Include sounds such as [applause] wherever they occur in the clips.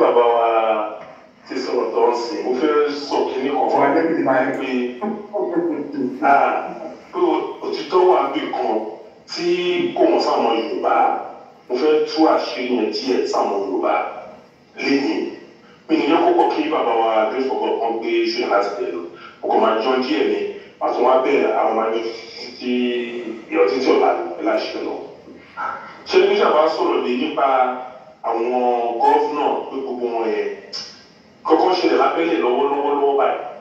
bàbá wa ti sọ̀rọ̀ tó ń sìn mo fẹ́ sọ kínní kan fún adébí ní báyìí pé pé òtítọ́ wà bí kan tí kò wọ́n sáwọn Yorùbá mo fẹ́ tú àṣírí yẹn díẹ̀ sáwọn Yorùbá lẹ́yìn mi nìyẹn kókò kí bàbá wa bí fọkàn kan gbé ṣe láti bẹ̀rẹ̀ o kò máa jọ díẹ̀ ni àtún wá bẹ̀rẹ̀ àwọn máa ní títí ìyọ̀títì ọ̀la ìlàṣẹ lọ. ṣé nígbà bá sọ̀rọ̀ àwọn gọ́fúnà pé gbogbo wọn yẹ kọ́kọ́ ṣẹlẹ̀ lábẹ́lẹ̀ lọ́wọ́lọ́wọ́ lọ́wọ́ báyìí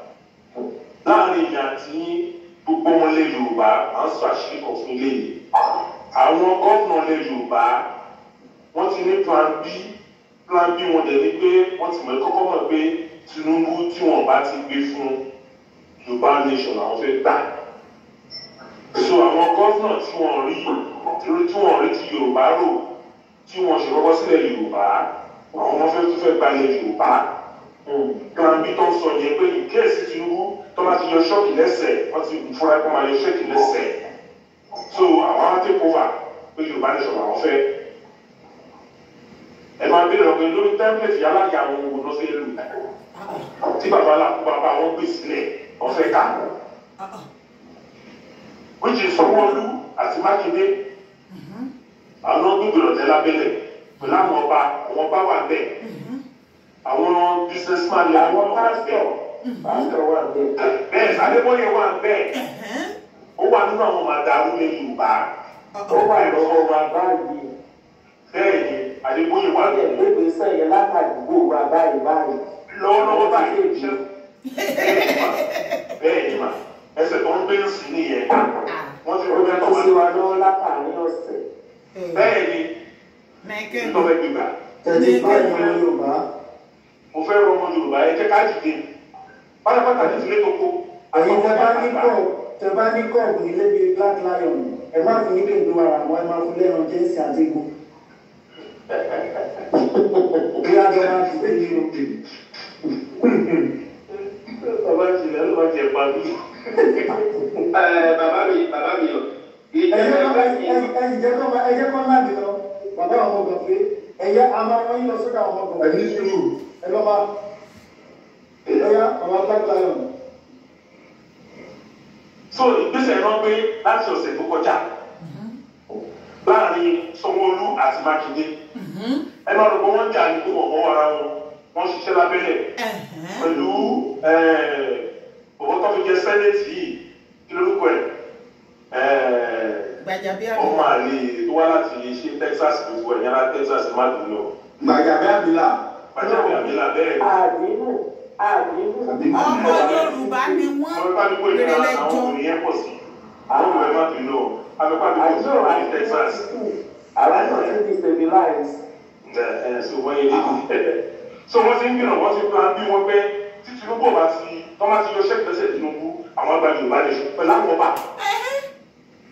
láàrin ìyá tí gbogbo wọn lè Yorùbá à ń sọ àṣírí kan fún ilé yìí àwọn gọ́fúnà lè Yorùbá wọ́n ti ní plan B plan B wọn dẹ̀ ni pé wọ́n ti mọ̀ kọ́kọ́ mọ̀ pé Tinubu tí wọn bá ti gbé fún Yorùbá nation àwọn fẹ́ gbà so àwọn gọ́fúnà tí wọ́n rí tí wọ́n rí ti Yorùbá rò tí wọ́n ṣe kọ́kọ́ sílẹ̀ Yorùbá àwọn ọmọ fẹ́ tó fẹ́ gbalẹ̀ Yorùbá plan hmm, b tó ń sọ yẹn pé ìkéèsì Tinubu tó bá ti yọ ṣọ́ọ̀kì lẹ́sẹ̀ wọ́n ti fúnra ẹ̀kọ́ máa yọ ṣọ́ọ̀kì lẹ́sẹ̀ so àwọn á take over pé Yorùbá ní ṣọ̀rọ̀ àwọn fẹ́ ẹ máa bí ìrọ̀pẹ́ lórí tẹ́ḿpẹ̀tì alága àwọn ohun lọ́sẹ̀ ìlú tí bàbá làkú bàbá wọn gbé sílẹ̀ ọ̀fẹ́ ká which is àti Mákindé. Mm-hmm àwọn gómìnà lábẹ́lẹ̀ pẹ̀lú àwọn ọba àwọn ọba wà bẹ́ẹ̀ àwọn businessman ni àwọn pásítọ̀ pásítọ̀ wà bẹ́ẹ̀ bẹ́ẹ̀ sàdébóyè wà bẹ́ẹ̀ ó wà nínú àwọn màdàrú ní Yorùbá ó wà ìrọ̀rọ̀ wà báyìí bẹ́ẹ̀ ni àdébóyè wà bẹ́ẹ̀ lébi sẹ́yìn látàdúgbò wà báyìí báyìí lọ́wọ́lọ́wọ́ báyìí ṣe bẹ́ẹ̀ ni mà ẹsẹ̀ tó ń gbé sí nìyẹn ah. wọ́n ti rọ́ọ̀dá bẹ́ẹ̀ ni nítorí ẹ̀ dìgbà tẹ̀lé báyìí ọmọ Yorùbá mo fẹ́ rọ ọmọ Yorùbá ẹ jẹ́ ká dìde pátápátá ní ìdílé tó kó. àyè tẹ́bá ní kọ́ tẹ́bá ní kọ́ ògùn ilé bíi Black Lion ẹ má fi níbi ìlú ara wọn ẹ má fi lẹ́ran jẹ́sì àdégbò. bí a jọ máa dìde yìí ló dé. bàbá ìṣẹ̀lẹ̀ ló máa jẹ pa mí. [laughs] bàbá mi bàbá mi o ẹyẹ kọ́ náà dì lọ bàbá àwọn ọmọ gbàgbé ẹyẹ amáwọn yín lọ sókè àwọn ọmọ gbàgbé. ẹni sùúrù. ẹ lọ bá ẹyà bàbá black lion. so ìgbésẹ̀ náà gbé láti ọ̀sẹ̀ tó kọjá láàrin sanwó-olú àti mákindé ẹ máa rò pé wọ́n jà ní gbogbo ọ̀wọ́ ara wọn wọ́n ṣiṣẹ́ lábẹ́lẹ̀ pẹ̀lú ọ̀wọ́ tó fi jẹ sẹ́lẹ̀tì yìí kí lórúkọ ẹ̀. Gbàjàbí Àbílà. ọmọ àlè tó wá láti ṣe Texas gbogbo ẹ̀yìn ara Texas má dùn lọ. Gbàjàbí Àbílà. Gbàjàbí Àbílà bẹ́ẹ̀. àdínú àdínú. ọmọ Yorùbá ni wọ́n rẹ̀lẹ̀ jọ. àwọn ọmọ ẹ má dùn lọ. àbẹ̀pá àdúgbò ti wà ní Texas. aláìsàn ti di stabilize. so wọ́n yẹ ní. so wọ́n ti ń gbìyànjú wọ́n ti plan bí wọ́n pẹ́ tí Tinubu bá ti tọ́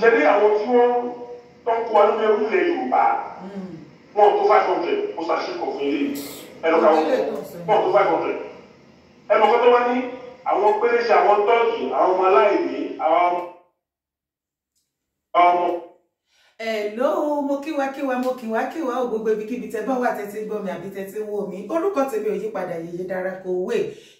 ṣe ní àwọn tí wọ́n tó ń kó wa nínú ẹrú ilẹ̀ Yorùbá hmm. wọn tó five hundred mo ṣàṣekọ̀ fún ilé ẹnu káwọn wọn tó five hundred ẹnu kọ́tọ́ wá ní àwọn péréṣe àwọn tọ́ọ̀kì àwọn ọmọ aláìní àwọn ọmọ hello mo kíwákíwá mo kíwákíwá ò gbogbo ibikíbi tẹ bá wà tẹ́tí gbọ́ mi àbí tẹ́tí wò mí orúkọ tèmi ò yípadà yèyé dára kò wé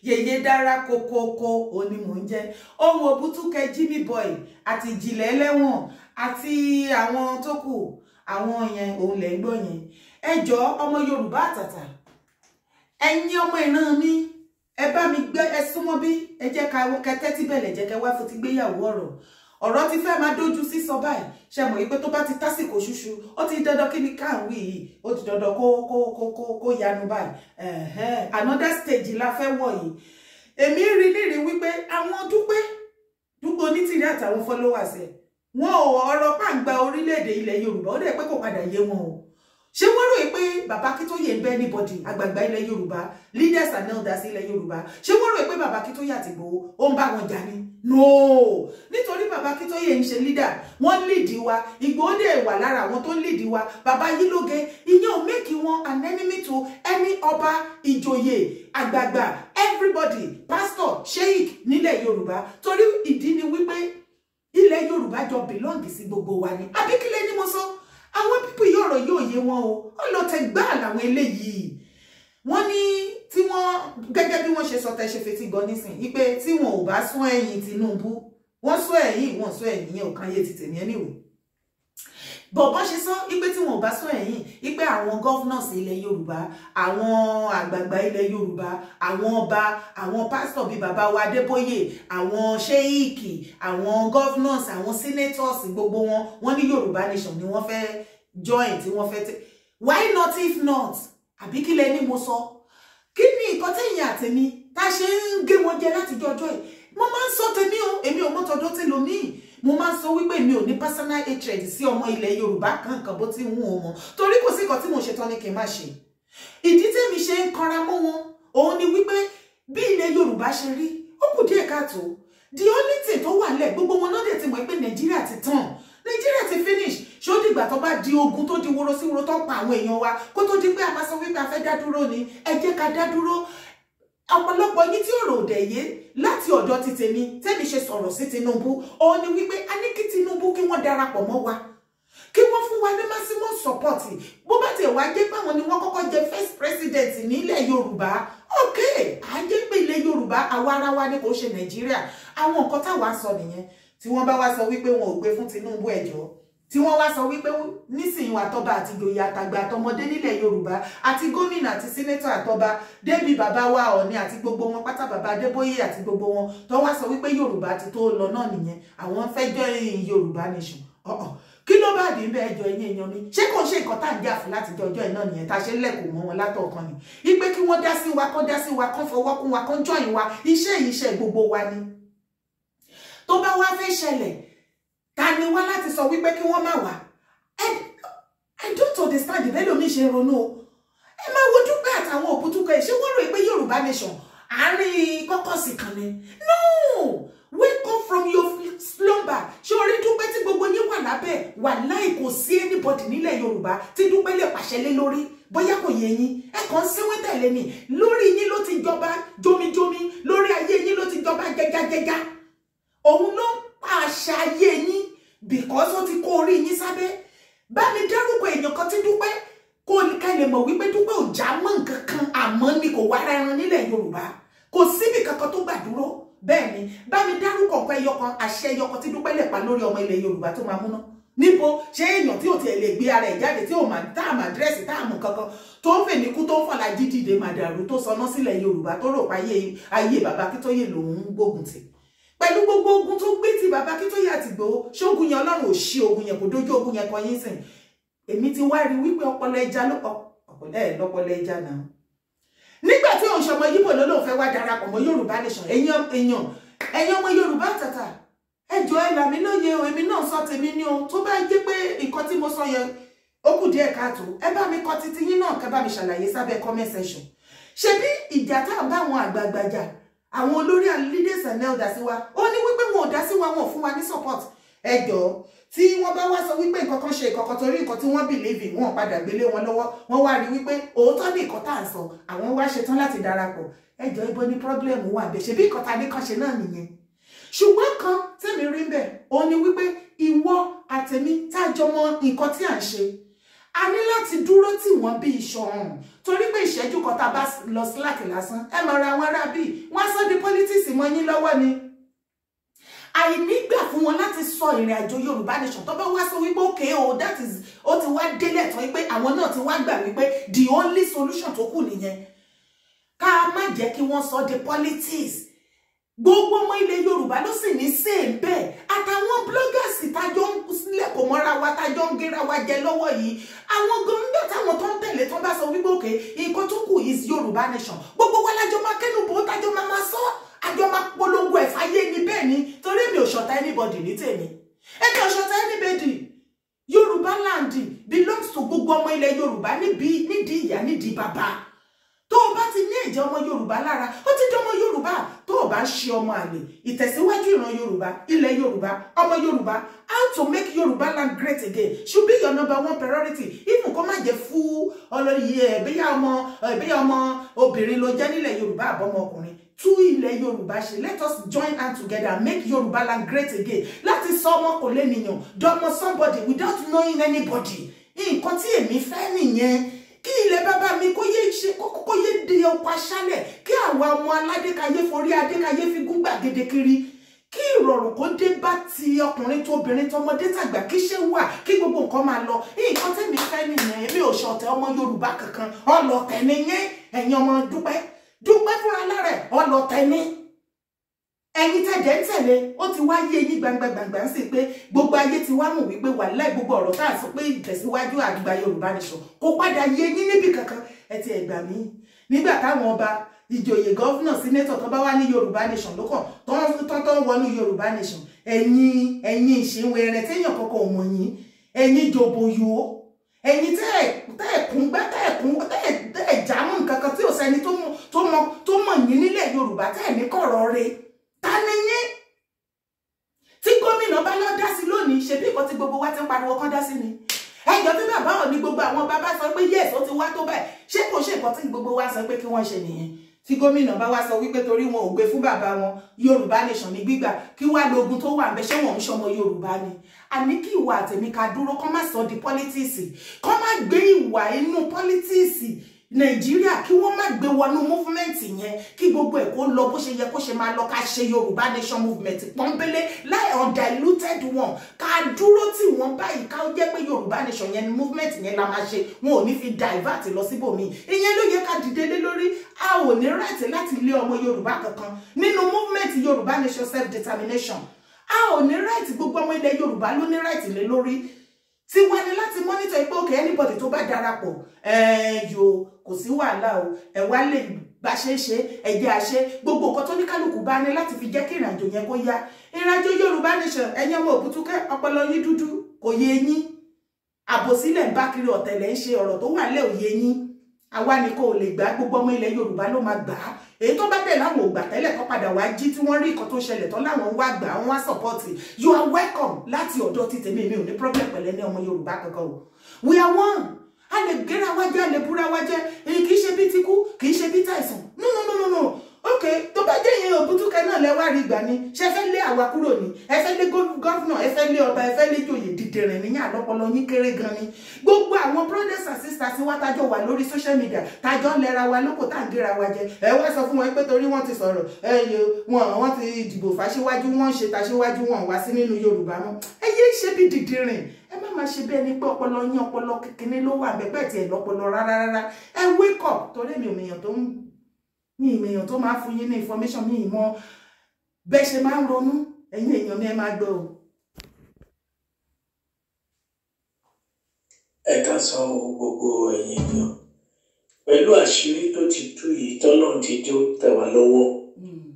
yèyé dára kokoko òní mò ń jẹ́ ohun òbútúkẹ jimmy boy àti ìjìnlẹ̀ ẹlẹ́wọ̀n àti àwọn tó kù àwọn yẹn òun lẹ̀ ń gbọ́ yẹn ẹ jọ̀ọ́ ọmọ yorùbá àtàtà ẹ̀yin ọmọ ìran mi ẹ bá mi gbé ẹ súnmọ́ bí ẹ jẹ́ ká kẹtẹ́tí bẹ̀lẹ̀ jẹ́ kẹ wá fún ti gbéyàwó ọ̀rọ̀ ọ̀rọ̀ ti fẹ́ máa dójú sísọ báyìí ṣe mọ̀ pé tó bá ti tásìkò ṣúṣu ó ti dandan kí ni káàwé yìí ó ti dandan kó kó kó kó kó yanu báyìí another stage la fẹ́ wọ̀ yìí èmi rí nírì wípé àwọn dúpẹ́ dúpẹ́ onítìrí àtàwọn followers ẹ̀ wọn ò ọ̀rọ̀ pàǹgbà orílẹ̀-èdè ilẹ̀ yorùbá ó dẹ̀ pé kò padà yé wọn o ṣé wọ́n rò pé bàbá Akíntóyè ń bẹ anybody àgbààgbà ilẹ̀ Yorùbá leaders and elders ilẹ̀ Yorùbá ṣé wọ́n rò pé bàbá Akíntóyè àti Ìgbòho ó ń bá wọn jà ni no nítorí bàbá Akíntóyè ń ṣe leader wọ́n lead wa Ìgbòho dẹ̀ wà lára àwọn tó lead wa bàbá Yílóge ìyẹn ò mẹ́kì wọn an enemy to any ọba ìjòyè àgbààgbà everybody pastor sheik nílẹ̀ Yorùbá torí ìdí ni wípé ilẹ̀ Yorùbá jọ belong sí gbogbo wa ni àbíkílẹ̀ ni mo sọ so àwọn pípọ̀ yìí ọ̀rọ̀ yóò yé wọn o ọlọ́tẹ̀ gbáà làwọn eléyìí wọ́n ní tí wọ́n gẹ́gẹ́ bí wọ́n ṣe sọ tẹ́ ṣe fetí gan nísìn ipe tí wọn ò bá sún ẹ̀yìn Tinubu wọ́n sún ẹ̀yìn wọ́n sún ẹ̀yìn yẹn ò kan yé ti tèmi ẹ̀ níwò bọ̀bọ́n ṣe sọ wípé tí wọn ò bá sọ ẹ̀yìn wípé àwọn governors ilẹ̀ yorùbá àwọn àgbààgbà ilẹ̀ yorùbá àwọn ọba àwọn pásítọ̀ bíi bàbá wa adébóyè àwọn ṣéíkì àwọn governors àwọn senators gbogbo wọn wọn ní yorùbá nation ni wọ́n fẹ́ join tí wọ́n fẹ́ tẹ why not if not àbí kí lẹ ní mo sọ kí ni nǹkan tẹ̀yìn àtẹ̀mí tá a ṣe ń gé wọn jẹ látijọ́ ọjọ́ yìí mo máa ń sọ tèmi o èmi ò mọ́tọ́dọ́ tèlómìn mo máa ń sọ wípé mi ò ní personal hatred sí ọmọ ilẹ̀ yorùbá kankan bó ti ń wù wọn torí kò sí nǹkan tí mo ṣetán ni kí n má ṣe ìdí tèmi ṣe ń kanra mọ́ wọn òun ni wípé bí ilẹ̀ yorùbá ṣe rí ó kù díẹ̀ káàtó the only thing tó wà lẹ̀ gbogbo wọn náà ti mọ̀ pé nàìjíríà ti tàn nàìjíríà ti finish ṣó dìgbà tó bá di ogun tó di woro sí woro tó pa àwọn èèyàn wa kó tó di pé a máa sọ wípé a fẹ́ dá dúró ni ẹ jẹ́ ká dá dúró ọ̀pọ̀lọpọ̀ yín tí ọ̀rọ̀ òdẹ̀ yé láti ọ̀dọ̀ ti tèmi tẹ́mi ṣe sọ̀rọ̀ sí Tinubu òun ni wípé a ní kí Tinubu kí wọ́n darapọ̀ mọ́ wa kí wọ́n fún wa ní maximum support bó bá ti wá jẹ́ páwọn ni wọ́n kọ́kọ́ jẹ first president nílẹ̀ Yorùbá ok àjẹ́ pé ilẹ̀ Yorùbá àwa ara wa ni kò ṣe Nàìjíríà àwọn nǹkan táwa sọ nìyẹn tí wọ́n bá wá sọ wípé wọn ò gbé fún Tinubu ẹ̀jọ́ tí wọ́n wá sọ wípé nísìnyí àtọ́ba àti ìjòyè àtàgbà àtọmọdé nílẹ̀ yorùbá àti gómìnà àti sínétọ̀ àtọ́ba debi bàbá wa ọ̀ọ́ni àti gbogbo wọn pátá bàbá adébóyè àti gbogbo wọn tó wá sọ wípé yorùbá ti tó lọ náà nìyẹn àwọn fẹ́ jọ yorùbá nation ọ̀ọ́ kí ló bá dé bẹ́ẹ̀ jọ ẹ̀yin èèyàn mi ṣé kò ṣe nǹkan tá à ń jà fún láti jọjọ́ iná nìyẹn tá a ṣe lẹ́kọ̀ọ́ mọ́ wọn látọ̀ọ̀kan ni ipe kí wọ́n dá sí wa kán dá sí wa kán fọwọ́ kún wa kán jọyìn wa iṣẹ́ yìí iṣẹ́ gbogbo wa ni tó bá wá fẹ́ ṣẹlẹ̀ ta ni wá láti sọ wípé kí wọ́n má wá I don't understand ìbẹ́lòmí ṣe ronú o ẹ máa wo dúpẹ́ àtàwọn òbútúkọ ẹ̀ ṣé wọ́n rò pé Yorùbá nation àárín kọ́kọ́sì kan ni no wake up from your slumber ṣé orí dúpẹ́ tí gbogbo yín wà lábẹ́ wà láì kò sí anybody nílẹ̀ Yorùbá tí dúpẹ́ lè pàṣẹ lé lórí bóyá kò yé yín ẹ kàn ń sínwé tẹ̀lé ni lórí yín ló ti jọba jomijomi lórí ayé yín ló ti jọba jẹgajẹga òun ló pàṣẹ ayé yín because ó ti kó orí yín sábẹ́ bá mi dárúkọ èèyàn kan tí dúpẹ́ kó ní ká lè mọ̀ wípé dúpẹ́ ò já mọ́ nǹkan kan àmọ́ ni kò wá ara ẹran nílẹ̀ yorùbá kò síbi kankan tó gbà dúró bẹ́ẹ̀ ni bá mi dárúkọ nǹkan ẹyọ kan àṣẹ ẹyọ kan tí dúpẹ́ lè pa lórí ọmọ ilẹ̀ yorùbá tó máa múná níbo ṣé èèyàn tí ò tiẹ̀ lè gbé ara ẹ̀ jáde tí ò máa tá àmà dírẹ́sì tá àmù kankan tó ń fèníkú tó ń fọ̀lá jídìde màdàrú tó sọná sílẹ̀ yorùbá tó rò pa ayé bàbá kí tó yè lòun gbógun tì pẹ̀lú gbogbo ogun tó gbé ti bàbá kí tó yà ti gbòó ṣógun yẹn ọlọ́run ò ṣí ogun yẹn kò dójú ogun yẹn kan yín sìn èmi ti wá rí wípé ọpọlọ ẹja ló ọpọlọ ẹ lọpọlọ ẹja náà nígbà tí òun ṣọmọ yíbò ló lóun fẹ́ wá darapọ̀ mọ́ yorùbá nation èèyàn èèyàn ẹ̀yin ọmọ yorùbá tàtà ẹjọ́ ẹ là mí lóye èmi náà sọ tèmi ni o tó bá jẹ́ pé nǹkan tí mo sọ yẹn ó kù díẹ̀ káàtó ẹ bá mi kọ titi yín náà kẹ́ bá mi ṣàlàyé sábẹ́ comment section ṣebí ìjà tá à ń bá àwọn àgbààgbà jà àwọn olórí and leaders and elders wa ó ní wípé wọn ò dá sí wa wọn ò fún wa ní support ẹjọ́ tí wọ́n bá wá sọ wípé nǹkan kan ṣe nǹkan kan torí nǹkan tí wọ́n believe in wọn padà gbélé wọn lọ́wọ́ wọ́n wá rí wípé òótọ́ ní nǹkan tá à ń sọ àwọn wá ṣetán láti darapọ̀ ẹjọ́ ibo ni problem wà bẹ́ẹ̀ ṣe bí nǹkan tá a ní kan ṣe náà nìyẹn ṣùgbọ́n kan tèmi rí bẹ́ẹ̀ òun ni wípé ìwọ àtẹ̀mí tá a jọ mọ nǹkan tí à ń ṣe a ní láti dúró tì wọ́n bí iṣan ọ̀hún torí pé ìṣẹ́jú kan tá a bá lọ síláàkì lásán ẹ mọ̀ ra àwọn ará bíi wọ́n á sọ di pọ́lítíìsì mọ́ yín lọ́wọ́ ni àìnígbà fún wọn láti sọ ìrìn àjò yorùbá nation tó bá wá sọ wípé òkè o that is ó ti wá délẹ̀ tán wípé àwọn náà ti wá gbà wípé the only solution tó kù nìyẹn ká má jẹ́ kí wọ́n sọ di politics gbogbo ọmọ ilẹ̀ yorùbá ló sì ní sí èbẹ̀ àtàwọn blọ́gàsì tájọ ń lẹ́kọ̀ọ́ mọ́ra wa tájọ ń gera wa jẹ lọ́wọ́ yìí àwọn gan nígbà táwọn tó ń tẹ̀lé tó ń bá sọ wípé òkè nǹkan tó kù is yorùbá nation gbogbo wa lájọ máa kẹ́nubó tájọ máa máa sọ àjọ máa polongo ẹ̀ fáyé ni bẹ́ẹ̀ ni torí mi ò ṣọ̀tá anybody ní tèmi èmi ò ṣọ̀tá anybody yorùbá land belongs to gbogbo ọmọ ilẹ̀ yorùbá nídìí ìyá nídìí bàbá tó o bá ti ní ẹ̀jẹ̀ ọmọ yorùbá lára ó ti di ọmọ yorùbá tó o bá ń ṣe ọmọ àlè ìtẹ̀síwájú ìran yorùbá ilẹ̀ yorùbá ọmọ yorùbá how to make yorùbá land great again should be your number one priority even kó má jẹ́ fún ọlọ́yẹ ẹ̀bíyà ọmọ ẹ̀bíyà ọmọ obìnrin ló jẹ́ nílẹ̀ yorùbá àbọ̀mọkùnrin tú ilẹ̀ yorùbá ṣe let us join hand together make yorùbá land great again láti sọ ọmọ kò lè nìyàn dọ́mọ somebody without knowing anybody nǹkan tí èmi fẹ́ nìyẹn mi kó yé ṣe kó yé de ọkọ aṣálẹ̀ kí àwọn ọmọ aládékayé forí adékayé fi gún gbàgede kiri kí ìrọ̀rùn kó dé bá ti ọkùnrin tó obìnrin tọmọdé tàgbà kí ṣé wà kí gbogbo nǹkan máa lọ nǹkan tẹ́mi fẹ́ nìyẹn mi ò ṣọ̀tẹ̀ ọmọ yorùbá kankan ọlọ́tẹ̀ nìyẹn ẹ̀yin ọmọ dúpẹ́ dúpẹ́ fúnra lára ẹ̀ ọlọ́tẹ̀ ni ẹ̀yin tẹ̀jẹ̀ ń tẹ̀lé ó ti wá yé eyín gbangbangbangba ń sìn pé gbogbo ayé ti wá mọ̀ wípé wà láì gbogbo ọ̀rọ̀ tá à sọ pé ìtẹ̀síwájú àgbà Yorùbá nìṣọ kó padà yé eyín níbi kankan ẹ ti ẹ̀gbà mí nígbà táwọn ọba ìjòyè gọ́fúnà sínétọ̀ tó bá wá ní Yorùbá nation lókàn tó ń tọ́tọ́ wọnú Yorùbá nation ẹ̀yin ẹ̀yin ìṣìnwẹ̀rẹ̀ téèyàn kọ̀ọ̀kan ò mọ̀ yín ẹ̀yin jòbòyò ẹ̀yin tẹ́ẹ̀kún gbá tẹ́ẹ̀kún tẹ́ẹ̀jámù nǹkan kan tí ò sẹ́ni tó mọ̀ yín nílẹ̀ Yorùbá tẹ́ẹ̀ ní kọ̀rọ̀ mi ṣe bí nǹkan tí gbogbo wa ti pariwo kán dá sí ni ẹjọ́ bí bàbá ò ní gbogbo àwọn bàbá sọ pé yes ó ti wá tó báyìí ṣé kò ṣe nǹkan tí gbogbo wa sọ ki kí wọ́n ṣe nìyẹn tí gómìnà bá wá sọ wípé torí wọn ò gbé fún bàbá wọn yorùbá nation ní gbígbà kí wá lógun tó wa ń bẹ ṣé wọn ń ṣọmọ yorùbá ni àní kí ìwà àtẹ̀mí ká dúró kán má sọ di politics kán má gbé ìwà inú politics nàìjíríà kí wọ́n má gbé wọnú múfúmẹ́ǹtì yẹn kí gbogbo ẹ̀ kó lọ bó ṣe yẹ kó ṣe máa lọ ká ṣe yorùbá nation movement pọ́nbélé láì undiluted wọn ká dúró tì wọ́n báyìí ká jẹ́ pé yorùbá nation yẹn movement yẹn la máa ṣe wọn ò ní fi divert lọ síbòmí ìyẹn ló yẹ ká dìde lé lórí a ò ní right láti lé ọmọ yorùbá kankan nínú movement yorùbá nation self determination a ò ní right gbogbo ọmọ ilẹ̀ yorùbá ló ní right lé lórí tiwa ni láti mọ́nítọ̀ ipò òkè anybody tó bá darapọ̀ ẹ̀ẹ́yò eh, kò sí wàhálà o ẹ wá lè bá ṣe ṣe ẹjẹ àṣẹ gbogbo nǹkan tó ní kálukú bá ní láti fi jẹ́ kí ìrìnàjò yẹn kó yá ìrìnàjò Yorùbá nation ẹ̀yin ọmọ Òbútúkẹ́ ọpọlọ yín dúdú kò yé yín àbòsílẹ̀ ń bá kiri ọ̀tẹ̀lẹ̀ ń ṣe ọ̀rọ̀ tó wà lẹ́ òye yín àwa ni kò lè gbà gbogbo ọmọ ilẹ̀ Yorùbá ló máa gbà á èyí tó bá dẹ̀ láwọn ògbà tẹ́lẹ̀ kan padà wá jí tí wọ́n rí nǹkan tó ṣẹlẹ̀ tán láwọn wá gbà wọ́n wá sọ̀pọ́ọ̀tì you are welcome láti ọ̀dọ̀ ti tèmi mi ò ní problem pẹ̀lẹ́ ní ọmọ Yorùbá kankan o we are one a lè gbéra wá a lè búra wá ṣàìsàn no no no no no ok tó bá jẹ́ ìyẹn òbútúkẹ náà lẹ́wà rí gbà ni ṣe fẹ́ lé àwa kúrò ni ẹ fẹ́ lé gọ́fúnà ẹ fẹ́ lé ọba ẹ fẹ́ lé jòyè dìdìrín níyà lọ́pọlọ yín kéré gan ni gbogbo àwọn brothers and sisters wa tájọ wà lórí social media tájọ ń lẹ́ra wa lóko tá à ń gera wa jẹ ẹ wá sọ fún wọn pé torí wọ́n ti sọ̀rọ̀ ẹ yẹ wọn wọ́n ti dìbò fàṣíwájú wọ́n ṣe tàṣíwájú wọn wá sí nínú Yorùbá mọ́ ẹ yé ṣe bí dìdìrín ẹ má máa ṣe bẹ́ẹ̀ ni pé ọpọlọ yín ọpọlọ kékeré ló wà bẹ́ẹ̀ bẹ́ẹ̀ tiẹ̀ lọ́pọlọ rárá rárá ẹ wake up torí mi ò mèèyàn tó ń ní èèyàn tó máa fún yín ní information ní ìmọ̀ bẹ́ẹ̀ ṣe máa ń ronú ẹ̀yin èèyàn ni ẹ máa gbọ́ o. ẹ ká san gbogbo ẹ̀yin èèyàn pẹ̀lú àṣírí tó ti tú yìí tọ́nà ti jó tẹ̀ wá lọ́wọ́ ni hmm.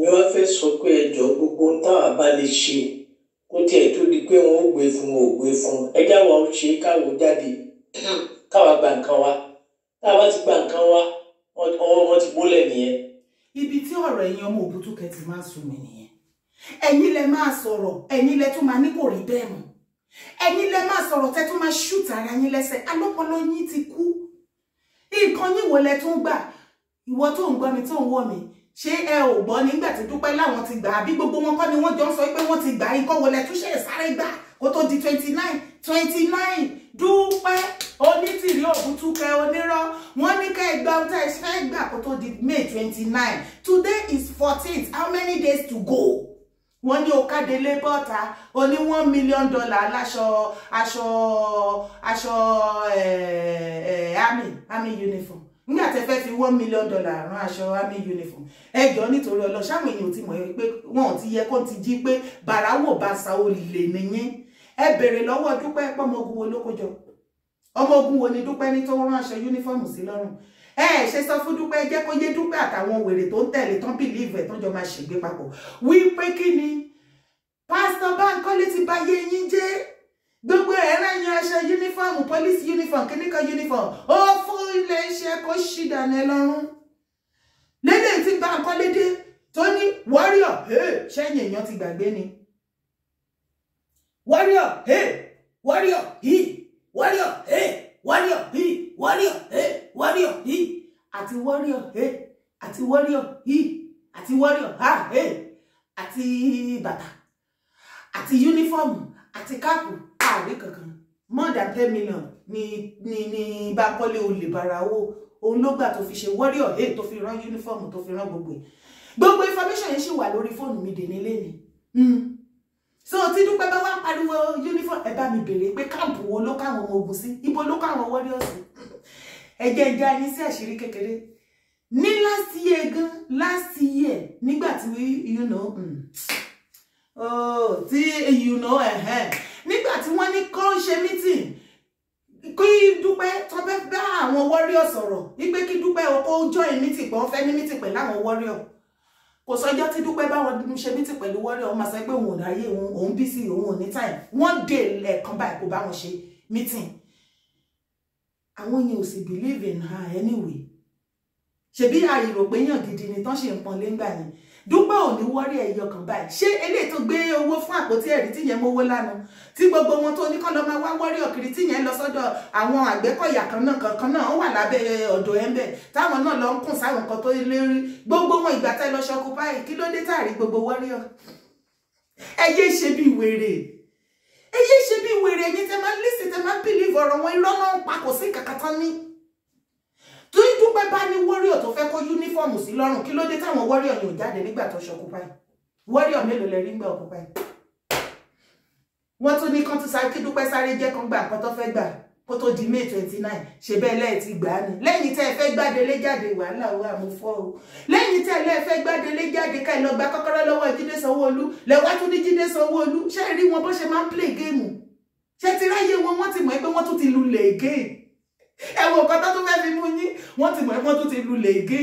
wọ́n fẹ́ sọ pé ẹjọ́ gbogbo ń táwa bá lè ṣe kó tiẹ̀ tó di pé wọ́n ó gbé fún ò gbé fún ẹjá wa ó ṣe káwọ́ jáde hmm. káwa gba nǹkan wa táwa ti gba nǹkan wa wọ́n ti gbólẹ̀ nìyẹn. ibi tí ọ̀rọ̀ ẹ̀yin ọmọ òbútúkẹ ti máa ń sun mi nìyẹn ẹ̀yin lẹ máa sọ̀rọ̀ ẹ̀yin lẹ tún máa ní kò rí bẹ́ẹ̀ mọ́ ẹ̀yin lẹ máa sọ̀rọ̀ tẹ́ tún máa ṣùtà ara yín lẹ́sẹ̀ alọ́pọ̀lọ́ yín ti kú nǹkan yín wo lẹ tún gbà ìwọ tó ń gbọ́ mi tó ń wọ̀ mí ṣé ẹ ò gbọ́ nígbà tí dúpẹ́ láwọn ti gbà àbí gbogbo wọn kọ́ ni wọ́n jọ ń sọ pé wọ́n ti gbà ikọ́ wo lẹ tún gbà kó tó di twenty nine twenty nine fúnkẹ́ onírọ́ wọ́n ní ká ẹgbẹ́ ọ̀tá ẹ̀ fẹ́ gbà kó tó di May twenty nine today is fourteenth how many days to go wọ́n ní Okadele bọ́ta ó ní one million dollar láṣọ aṣọ aṣọ eh, army army uniform nígbà tẹ fẹ́ fi one million dollar ran aṣọ army uniform ẹjọ́ nítorí ọlọ́ṣàwọn èèyàn ti mọ̀ pé wọ́n ti yẹ kó ti jí pé bàrà wò bá sa olè nìyẹn ẹ bèrè lọ́wọ́ dúpẹ́ pọ́mọgùn olókojọ́ ọmọ ogun wo ni dúpẹ́ ní tó rán aṣọ yúnífọ́ọ̀mù sí lọ́rùn ẹ ẹ ṣe sọ fún dúpẹ́ jẹ́ kó yé dúpẹ́ àtàwọn wèrè tó ń tẹ̀lé tán bìlíìfù ẹ̀ tán jọ máa ṣègbè papọ̀ wí pé kí ni pásítọ̀ Báńkọ́lé ti bá yé yín jẹ́ gbogbo ẹ̀rẹ́ yan aṣọ yúnífọ́ọ̀mù pólísì yúnífọ́ọ̀mù kíníkan yúnífọ́ọ̀mù ó fún ilé iṣẹ́ kó ṣì dànù ẹ lọ́rùn lédè tí Báńkọ́lé dé tó ní wọ́ríọ̀ ṣẹ́yìn èèyàn ti gbàgbé ni wọ́ríọ̀ wọ́ríọ̀ yìí wọ́ríọ̀ warrior he warrior he warrior he àti warrior he àti warrior he àti warrior ha he àti bàtà àti yúnífọ́ọ̀mù àti káàpù ààrẹ kankan more than ten million ni ni ni Bánkọ́lé olè bara owó òun ló gbà tó fi ṣe warrior he tó fi rán yúnífọ́ọ̀mù tó fi rán gbogbo ẹ̀ gbogbo information yẹn sì wà lórí fóònù mi dè ni. Mm so tí dúpẹ́ bá wá pariwo uniform ẹ bá mi béèrè pé káàpù wo ló káwọn ọmọ ogun sí ibo ló káwọn warriors sí ẹ jẹ́ ẹjẹ́ ayé sí àṣírí kékeré ní last year gan last year nígbà tí you know hmm, oh, tí you know nígbà tí wọ́n ní kọ́ meeting kí dúpẹ́ tó fẹ́ bá àwọn warriors sọ̀rọ̀ wípé kí dúpẹ́ ọkọ̀ join meeting pọ̀ fẹ́ ní meeting pẹ̀lú àwọn warriors kò sọjọ́ tí dúpẹ́ báwọn ṣe mítì pẹ̀lú wọ́rẹ́ ọmọ sọ pé òun ò ráyè òun òun bí sí òun ò ní time one day lẹ́ẹ̀kan báyìí kò bá wọn ṣe meeting àwọn yẹn ò sì believe in her anyway ṣebí àìrò pé yàn gidi ni tán ṣe ń pọn lé ńgbà yẹn dúpẹ́ ò ní wọ́rí ẹ̀yọ kan báyìí ṣé eléyìí tó gbé owó fún àpótí ẹ̀rí tí yẹn mowó lánàá tí gbogbo wọn tó ní kọ́ lọ́ máa wá wọ́rí ọ̀kiri tí yẹn lọ sọ́dọ̀ àwọn àgbẹ̀kọ̀yà kan náà kankan náà ó wà lábẹ́ ọ̀dọ̀ ẹ̀ ń bẹ̀ táwọn náà lọ ń kùn sáwọn kan tó lérí gbogbo wọn ìgbà tẹ́ lọ ṣọkú báyìí kí ló dé táàrí gbogbo wọ́rí ọ̀ ẹ yé ṣe bí wèrè ẹ yé ṣe bí wèrè ẹ̀yin tẹ́ máa lísì tẹ́ máa bìlíìfù ọ̀rọ̀ wọn irọ́ náà ń pa kò sí kàkàtà ní torí dúpẹ́ bá ní wọ́ríọ̀ tó fẹ́ kó yúnífọ́ọ̀mù sí lọ́rùn kí ló dé táwọn wọ́ríọ̀ yóò jáde nígbà tó ṣe ọkùpáì wọ́ríọ̀ mélòó lẹ rí ń gbà ọkùpáì wọ́n tún ní kán tún sáré kí dúpẹ́ sáré jẹ́ kán gbà kan tó fẹ́ gbà kó tó di may twenty nine ṣe bẹ́ẹ̀ lẹ́ẹ̀ ti gbà á ni lẹ́yìn tẹ́ ẹ fẹ́ gbàdélé jáde wàhálà wa mo fọ́ o lẹ́yìn tẹ́ ẹ lẹ́ẹ̀ fẹ́ gbàdélé jáde ká ẹ lọ gba kọ́kọ́rọ́ lọ́wọ́ jíde sanwó-olú lẹ́wọ́ ní jíde sanwó-olú ṣé ẹ rí wọn bó ṣe máa ń play game ṣé ti ráyè wọn wọ́n ti mọ̀ ẹ́ pé wọ́n tún ti lulẹ̀ again ẹ wo nǹkan tó tún fẹ́ fi mú yín wọ́n ti mọ̀ ẹ́ wọ́n tún ti lulẹ̀ ègé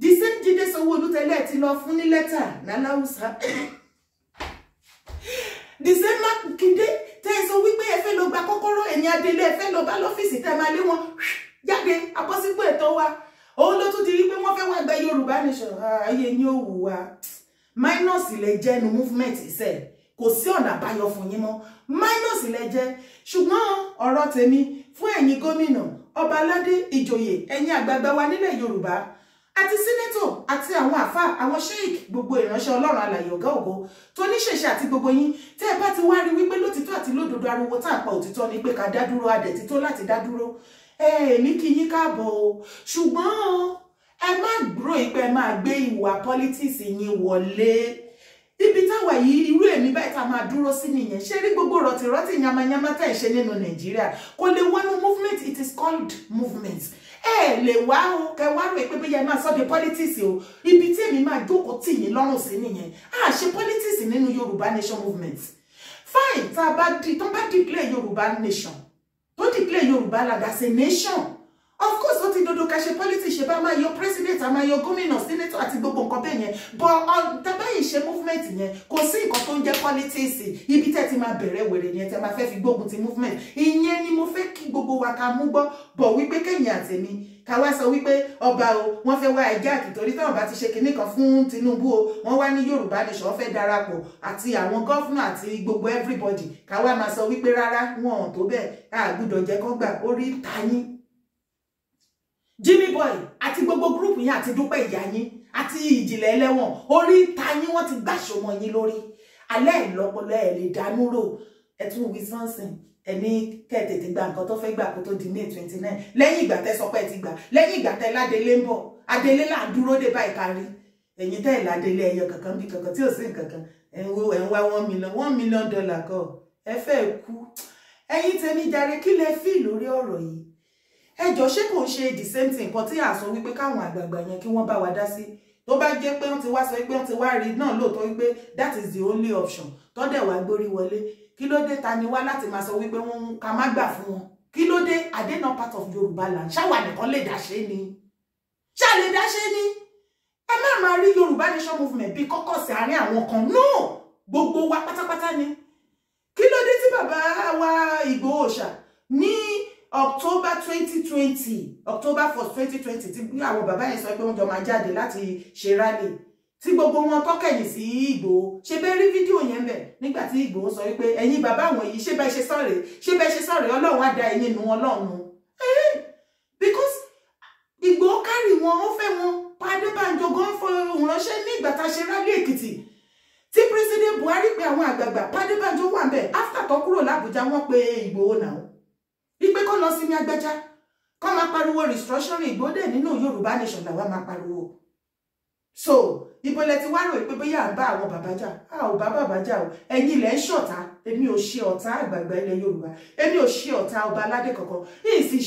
the same Jídé Sanwó-Olú tẹ́lẹ̀ ti lọ fún ní lẹ́tà láláwùsá the same Mákindé tẹ́ ẹ sọ wípé ẹ fẹ́ lọ gba kọ́kọ́rọ́ ẹ̀yìn adelé ẹ fẹ́ lọ bá lọ́fíìsì tẹ́ máa lé wọn jáde abọ́sípò ẹ̀tọ́ wa òun ló tún ti rí pé wọ́n fẹ́ wá gba Yorùbá nation ah, ayé yín ò wù wá minus ilẹ̀ jẹ́nu movement ìṣẹ̀ kò sí ọ̀nà àbáyọ fún yín mọ́ minus ilẹ̀ jẹ́ ṣùgbọ́n ọ̀rọ̀ tèmi fún ẹ̀yin gómìnà ọba aládé ìjòyè ẹ̀yin àgbààgbà wa nílẹ̀ yorùbá àti sínétọ̀ àti àwọn àfà àwọn sheik gbogbo ìránṣẹ́ ọlọ́run alàyè ọ̀gá ògo tó níṣẹ̀ṣe àti gbogbo yín tẹ́ ẹ bá ti wá rí wípé lótìtọ́ àti lódodo ariwo tá a pa òtítọ́ ni pé ká dá dúró adẹ̀tí tó láti dá dúró èmi kí yín káàbọ̀ o ṣùgbọ́n ẹ má gbúrò ìpẹ́ máa gbé ìwà politics yín wọlé ibi táwa yìí irú èmi báyìí tá a máa dúró sí nìyẹn ṣé rí gbogbo rọ̀tìrọ̀tì yamayama tá ẹ̀ ṣe nínú nàìjíríà kò lè wọnú movement it is called movement ẹ lè wá o kẹ wá rò pé bóyá ẹ máa sọ di politics o ibi tí èmi máa jókòó tì yín lọ́rùn sí nìyẹn a ṣe politics nínú yorùbá nation movement fine tá a bá di tó bá declare yorùbá nation tó declare yorùbá land nation of course ó dodo ká ṣe politics ṣe bá máa yọ president a máa yọ gómìnà senator àti gbogbo nǹkan bẹ́ẹ̀ yẹn but dábàáyì uh, ṣe movement yẹn kò sí nǹkan tó ń jẹ́ politics ibi tẹ́ ti máa bẹ̀rẹ̀ wèrè yẹn tẹ́ máa fẹ́ fi gbógun ti movement ìyẹn ni mo fẹ́ kí gbogbo wa ká mú gbọ́ bọ̀ wípé kẹ́yìn àtẹ̀mí ká wá sọ wípé ọba o wọ́n fẹ́ wá ẹjẹ àkìtòrí táwọn bá ti ṣe kinní kan fún Tinubu o wọ́n wá ní Yorùbá nìṣọ fẹ́ darapọ̀ àti àwọn gọfúnà àti gbogbo everybody ká wá máa sọ wípé rárá wọn ò tó bẹ́ẹ̀ àgbùdọ̀ jẹ́ orí tayín Jimmy Boy àti gbogbo gúrùpù yín àti dúpẹ́ ìyá yín àti ìjìnlẹ̀ ẹlẹ́wọ̀n orí ta yín wọ́n ti gbàṣọ mọ́ yín lórí alẹ́ ìlọpọlọ ẹ̀ lè dánú rò ẹ tún Wisconsin ẹ gba nǹkan tó fẹ́ gbà kó tó di May twenty nine lẹ́yìn ìgbà tẹ́ sọ pé ẹ ti gbà lẹ́yìn ìgbà tẹ́ ládélé ń bọ̀ adélé là ń dúró dé báyìí kárí ẹ̀yin tẹ́ ẹ̀ ládélé ẹyọ kankan bí kankan tí ò sí nǹkankan ẹ̀ ń one million one million dollar kọ́ ẹ fẹ́ kú ẹ̀yin tèmi jàre kí lẹ fíì lórí ọ̀rọ̀ yìí ẹjọ́ ṣé kò ń ṣe the same thing nǹkan tí à sọ wípé káwọn àgbààgbà yẹn kí wọ́n bá wa dá sí tó bá jẹ́ pé wọ́n ti wá sọ pé wọ́n ti wá rí náà lóòótọ́ wípé that is the only option tó dẹ̀ wá gbórí wọlé kí ló dé ta ni wá láti máa sọ wípé wọ́n ká má gbà fún wọn kí ló dé adena part of Yorùbá land ṣáwa nìkan lè dá ṣe ni ṣá lè dá ṣe ni ẹ má máa rí Yorùbá nation movement bíi kọ́kọ́sì àárín àwọn kan náà gbogbo wa pátápátá ni kí ló dé tí bàbá wa Ìgbòho ṣà ní October 2020 October 1st 2020 tí àwọn bàbá yẹn sọ pé wọ́n jọ máa jáde láti ṣe rally tí gbogbo wọn tọ́kẹ̀yìn sí Ìgbòho ṣe bẹ́ẹ̀ rí fídíò yẹn bẹ̀ nígbà tí Ìgbòho sọ wípé ẹ̀yin bàbá àwọn yìí ṣé bẹ́ẹ̀ ṣe sọ̀rẹ̀ ṣé bẹ́ẹ̀ ṣe sọ̀rẹ̀ Ọlọ́run á da ẹ̀yin nu Ọlọ́run eh, because Ìgbòho kárì wọn ó fẹ́ wọn Pa Adébánjọ gan fọ ohun ránṣẹ́ ní ìgbà tá a ṣe rálé Èkìtì tí President Buhari pe àwọn àgbààgbà Pa Adébánjọ wà bẹ́ẹ̀ after tó kúrò l'Àbújá wọ́n pe Ìgbòho náà ìpè kọ́ lọ sí ní agbẹ́já kọ́ máa pariwo restructuring ìgbódè nínú Yorùbá nation làwa máa pariwo so ìbọlẹ̀ ti wá rò pé bóyá à ń bá àwọn bàbá jà a ò bá bàbá jà o ẹ̀yin ilẹ̀ ń ṣọ̀tá èmi ò ṣe ọ̀tá àgbààgbà ilẹ̀ yorùbá èmi ò ṣe ọ̀tá ọba aládé kankan èyí sì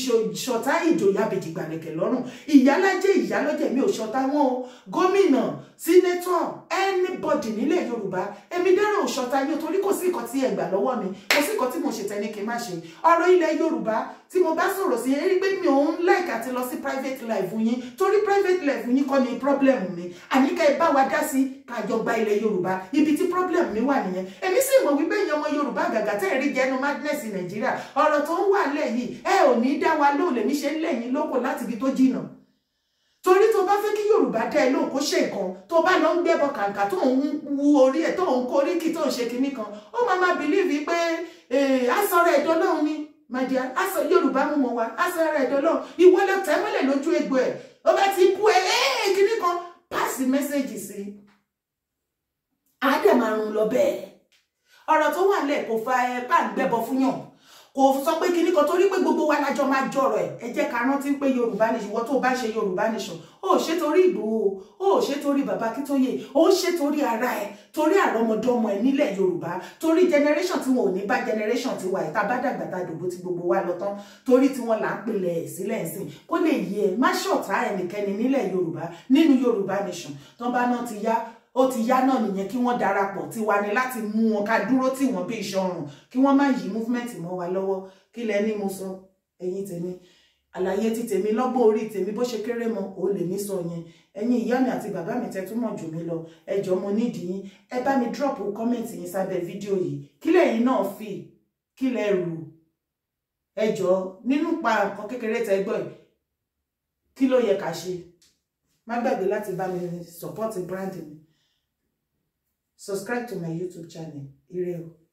ṣọ̀tá ìjòyè abèjìgbàlẹ̀kẹ̀ lọ́rùn ìyálàjẹ́ ìyálọ́jẹ́ mi ò ṣọ̀tá wọn o gómìnà sínétọ̀ anybody nílẹ̀ yorùbá èmi dẹ́rẹ̀ ò ṣọ̀tá yín torí kò sí nǹkan tí ẹ gbà lọ́wọ́ mi kò sí nǹkan tí mo ṣe tẹ́ni kí n má ṣe ọ̀rọ̀ ilẹ̀ yorùbá tí mo bá sọ̀rọ̀ sí eré pé mi ò ń like àti lọ sí private life yín torí private life yín kọ́ ni problem mi àníkẹ́ bá wa dá sí kájọba ilẹ̀ yorùbá ibi tí problem mi wà nìyẹn èmi sì mọ̀ wípé ìyẹn ọmọ yorùbá àgàgà tẹ́ ẹ̀ rí jẹnu madness nàìjíríà ọ̀rọ̀ tó ń wà lẹ̀ yìí ẹ ò ní dá wa lóhùn lèmi ṣe ń lẹ́yìn lóko láti ibi tó jìnnà torí tó bá fẹ́ kí yorùbá dá ẹ lóhùn kó ṣe nǹkan tó bá lọ ń gbẹ́bọ kàǹkà tó ń wu orí ẹ̀ tó ń koríkì tó ń ṣe kinní kan ó máa máa bìlíìfì pé àsọ̀rọ̀ ẹ̀dọ́ lọ́hùn ni màdìá àsọ yorùbá mú mọ wa àsọ̀rọ̀ ẹ̀dọ́ lọ́hùn ìwọlẹ̀ tẹ́mọ́lẹ̀ lójú egbò ẹ̀ ó bá ti bú ẹ ẹ́ kinní kan pass the message sí i àádẹ́ máa rún lọ bẹ́ẹ̀ ọ̀rọ̀ tó wà lẹ̀ kò fa ẹ bá ń gbẹ́bọ fún yàn kò sọ pé kíní kan torí pé gbogbo wa lájọ máa jọrọ ẹ ẹ jẹ́ ká rántí pé yorùbá nation ìwọ tó bá ṣe yorùbá nation ó ṣe torí Ìgbòho ó ṣe torí bàbá Akíntóyè ó ṣe torí ara ẹ torí àrọmọdọ́mọ ẹ nílẹ̀ yorùbá torí generation tí wọn ò ní bá generation tiwa ẹ tá a bá dàgbà tá a dògbò tí gbogbo wa lọ tán torí tí wọn là ń pilẹ̀ ẹ sílẹ̀ ń sìn kó lè yẹ má ṣọ̀tá ẹnikẹ́ni nílẹ̀ yorùbá nínú yorùbá nation tán bá náà ti yá ó ti yá náà nìyẹn kí wọ́n darapọ̀ tiwa ni láti mú wọn ká dúró tì wọ́n bí ìṣọrùn kí wọ́n má yí movement mọ́ wa lọ́wọ́ kí lẹ ní mo sọ ẹ̀yin tèmi àlàyé ti tèmi lọ́gbọ́n orí tèmi bó ṣe kéré mọ́ ò lè mí sọ yẹn ẹ̀yin ìyá mi àti bàbá mi tẹ́ tún mọ̀ jù mí lọ ẹ jọ̀ọ́ mo nídìí yín ẹ bá mi drop comment yín sábẹ́ fídíò yìí kí lẹ̀yin náà fi kí lẹ rò ẹ jọ̀ọ́ nínú pa nǹkan kékeré tẹ́ kí ló yẹ ká ṣe má gbàgbé láti bá mi support brand mi Subscribe to my YouTube channel. Ire o.